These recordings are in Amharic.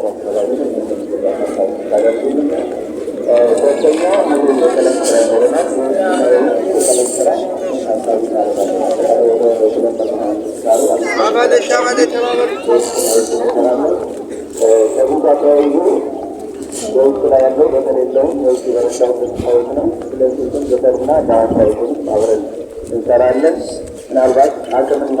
ስለዚህ አብረን እንሰራለን ምናልባት አቅምና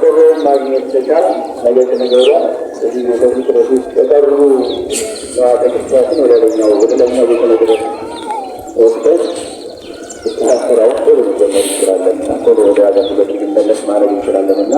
ቆርቆሮውን ማግኘት ተቻለ። ነገ ከነገ ወዲያ እዚህ ቤተ መቅደስ ውስጥ የቀሩ ሰዋዕተ ወደ ሌላኛው ወደ ሌላኛው ቤተ መቅደስ ወስደን ስራውን ቶሎ ሊጀመር ይችላለን። ቶሎ ወደ ሀገር ሁለት ሊመለስ ማድረግ እንችላለን እና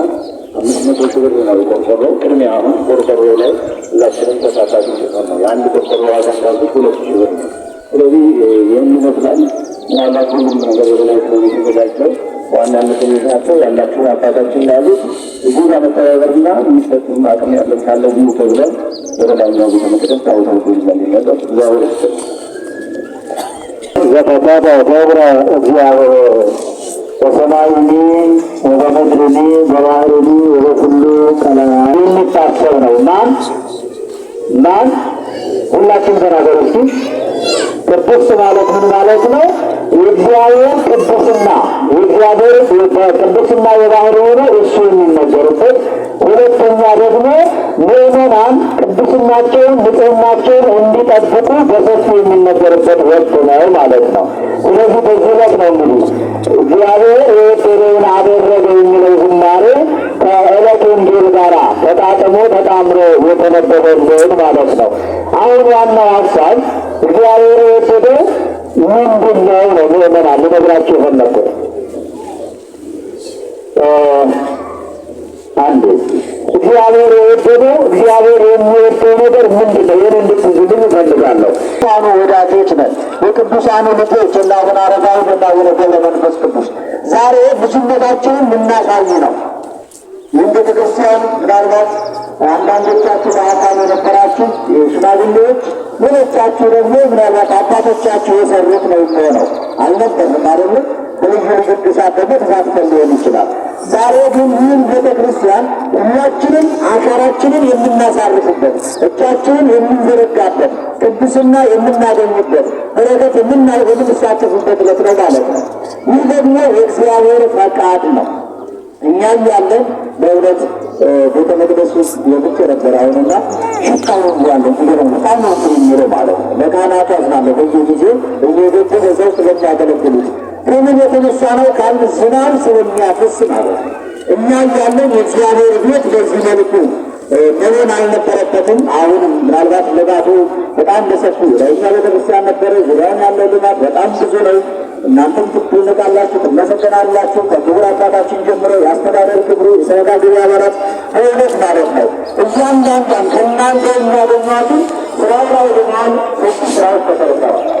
አምስት መቶ ሺህ ብር ነው የቆርቆሮ ቅድሚያ። አሁን ቆርቆሮ ላይ ሁላችንም ተሳታፊ ሲሆን ነው የአንድ ቆርቆሮ ዋጋ ሳሉ ሁለት ሺህ ብር ነው። ስለዚህ ይህን ይመስላል ምናልባት ሁሉም ነገር ወደ ላይ ስለሚዘጋጀው ዋናነት የሚሆናቸው ያላችሁን አባታችን ያሉት እዚህ ለመተባበርና የሚሰጥ አቅም ያለን ካለ ሁ ተብለን ወደ ላይኛው ቤተ መቅደስ ታቦታቱ ለሚመጠት እግዚአብሔር ስ ዘተቀደ ደብረ እግዚአብሔር በሰማይኒ ወበምድርኒ በባህርኒ ወበኩሉ ቀለማ የሚታሰብ ነው። ማን ማን ሁላችሁም ተናገሩ እስቲ። ቅዱስ ማለት ምን ማለት ነው? የእግዚአብሔር ቅዱስና የእግዚአብሔር ቅዱስና የባህር ሆነ እሱ የሚነገርበት ሁለተኛ ደግሞ ምእመናን ቅዱስናቸውን ንጽህናቸውን እንዲጠብቁ በሰፊ የሚነገርበት ወቅት ነው ማለት ነው። ስለዚህ በዚህ ዕለት ነው እንግዲህ እግዚአብሔር አንዱ እግዚአብሔር የወደደው እግዚአብሔር የሚወደው ነገር ምንድን ነው? ይህን እንድትይዙልኝ እፈልጋለሁ። ሳኑ ወዳጆች ነን፣ የቅዱሳኑ ልጆች እና አቡነ አረጋዊ እና አቡነ መንፈስ ቅዱስ ዛሬ ብዙነታቸውን የምናሳይ ነው። ይህን ቤተ ክርስቲያን ምናልባት አንዳንዶቻችሁ በአካል የነበራችሁ ሽማግሌዎች፣ ሌሎቻችሁ ደግሞ ምናልባት አባቶቻችሁ የሰሩት ነው የሚሆነው። አልነበርም አይደለም። በልዩ ልዩ ቅዱሳት ደግሞ ተሳትፈን ሊሆን ይችላል። ዛሬ ግን ይህን ቤተ ክርስቲያን ሁላችንም አሻራችንን የምናሳርፍበት እጃችንን የምንዘረጋበት ቅድስና የምናገኝበት በረከት የምንሳተፍበት ዕለት ነው ማለት ነው። ይህ ደግሞ የእግዚአብሔር ፈቃድ ነው። እኛም ያለን በእውነት ቤተ መቅደስ ውስጥ የብቻ ነበር። አሁንና ሽታውን እንዲያለ እንዲሆነ በጣም ነው የሚለው ማለት ነው። ለካህናቱ አዝናለሁ በየጊዜው እየገቡ በዛው ስለሚያገለግሉት ከምን የተነሳ ነው ከአንድ ዝናብ ስለሚያፈስ ማለት እኛ እያለን የእግዚአብሔር ቤት በዚህ መልኩ መሆን አልነበረበትም። አሁንም ምናልባት ልማቱ በጣም በሰፊ ለእኛ ቤተክርስቲያን ነበረ ዙሪያን ያለው ልማት በጣም ብዙ ነው። እናንተም ትደነቃላችሁ፣ ትመሰገናላችሁ። ከክቡር አባታችን ጀምሮ የአስተዳደር ክብሩ የሰበካ ጉባኤ አባላት በእውነት ማለት ነው እያንዳንዳን ከእናንተ የሚያገኟትን ስራ ላይ ድማን ስራዎች ተሰርተዋል።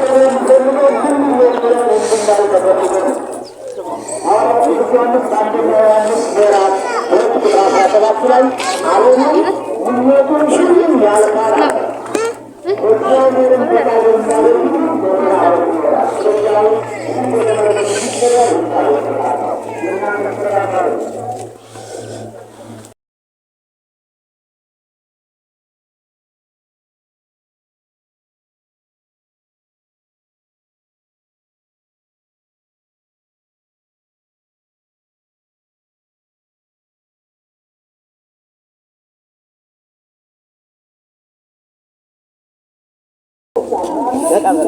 ዮሐንስ በአንደኛ ዮሐንስ ምዕራፍ ሁለት ቁጥር አስራ ሰባት ላይ ዓለምም ምኞቱን ሁሉም ያልፋል አለ። እግዚአብሔርን ራሳቸው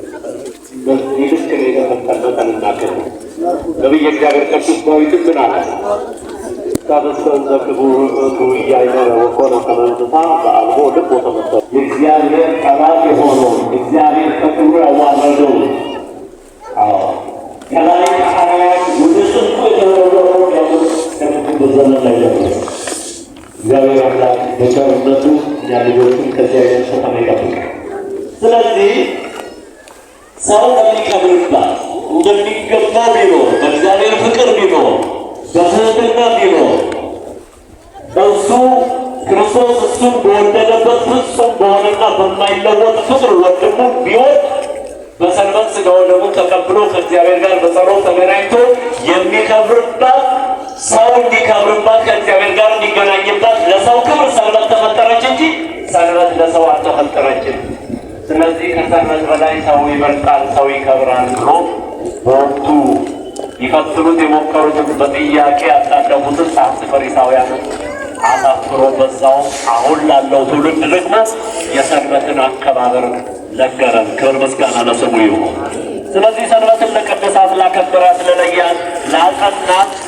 በዚህ ልክ የተፈጠረ ተንናገር ነው። እግዚአብሔር ቅዱስ ዳዊትም ምን አለ? ታበሰን ዘክቡር እቱ እያይመረ ወኮነ ከመንዝታ በአልቦ ልቦ ተመሰ የእግዚአብሔር ጠላት የሆነው እግዚአብሔር ከክብሩ ያዋረደው ከላይ እግዚአብሔር አምላክ በቸርነቱ እኛ ልጆቹን ከዚያ ሰተማ ይጠብቃል። ስለዚህ ሰው የሚቀብርባት እንደሚገባ ቢኖር በእግዚአብሔር ፍቅር ቢኖር በትህትና ቢኖር እሱ ክርስቶስ እሱን በወደደበት ፍጹም በሆነና በማይለወጥ ፍቅር ወድሙ ቢወድ በሰንበት ሥጋውን ደግሞ ተቀብሎ ከእግዚአብሔር ጋር በጸሎት ተገናኝቶ የሚከብርባት ሰው እንዲከብርባት ከእግዚአብሔር ጋር እንዲገናኝባት ለሰው ክብር ሰንበት ተፈጠረች እንጂ ሰንበት ለሰው አልተፈጠረችም። ስለዚህ ከሰንበት በላይ ሰው ይበልጣል፣ ሰው ይከብራል ብሎ በወቅቱ ይፈትኑት የሞከሩትን በጥያቄ ያጣደፉትን ጸሐፍት ፈሪሳውያን አሳፍሮ በዛው አሁን ላለው ትውልድ ደግሞ የሰንበትን አከባበር ነገረን። ክብር ምስጋና ለስሙ ይሁን። ስለዚህ ሰንበትን ለቅድሳት ላከበራት፣ ለለያት፣ ላጸናት